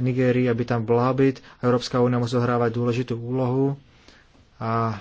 Nigérii, aby tam bola byť. Európska únia musí zohrávať dôležitú úlohu a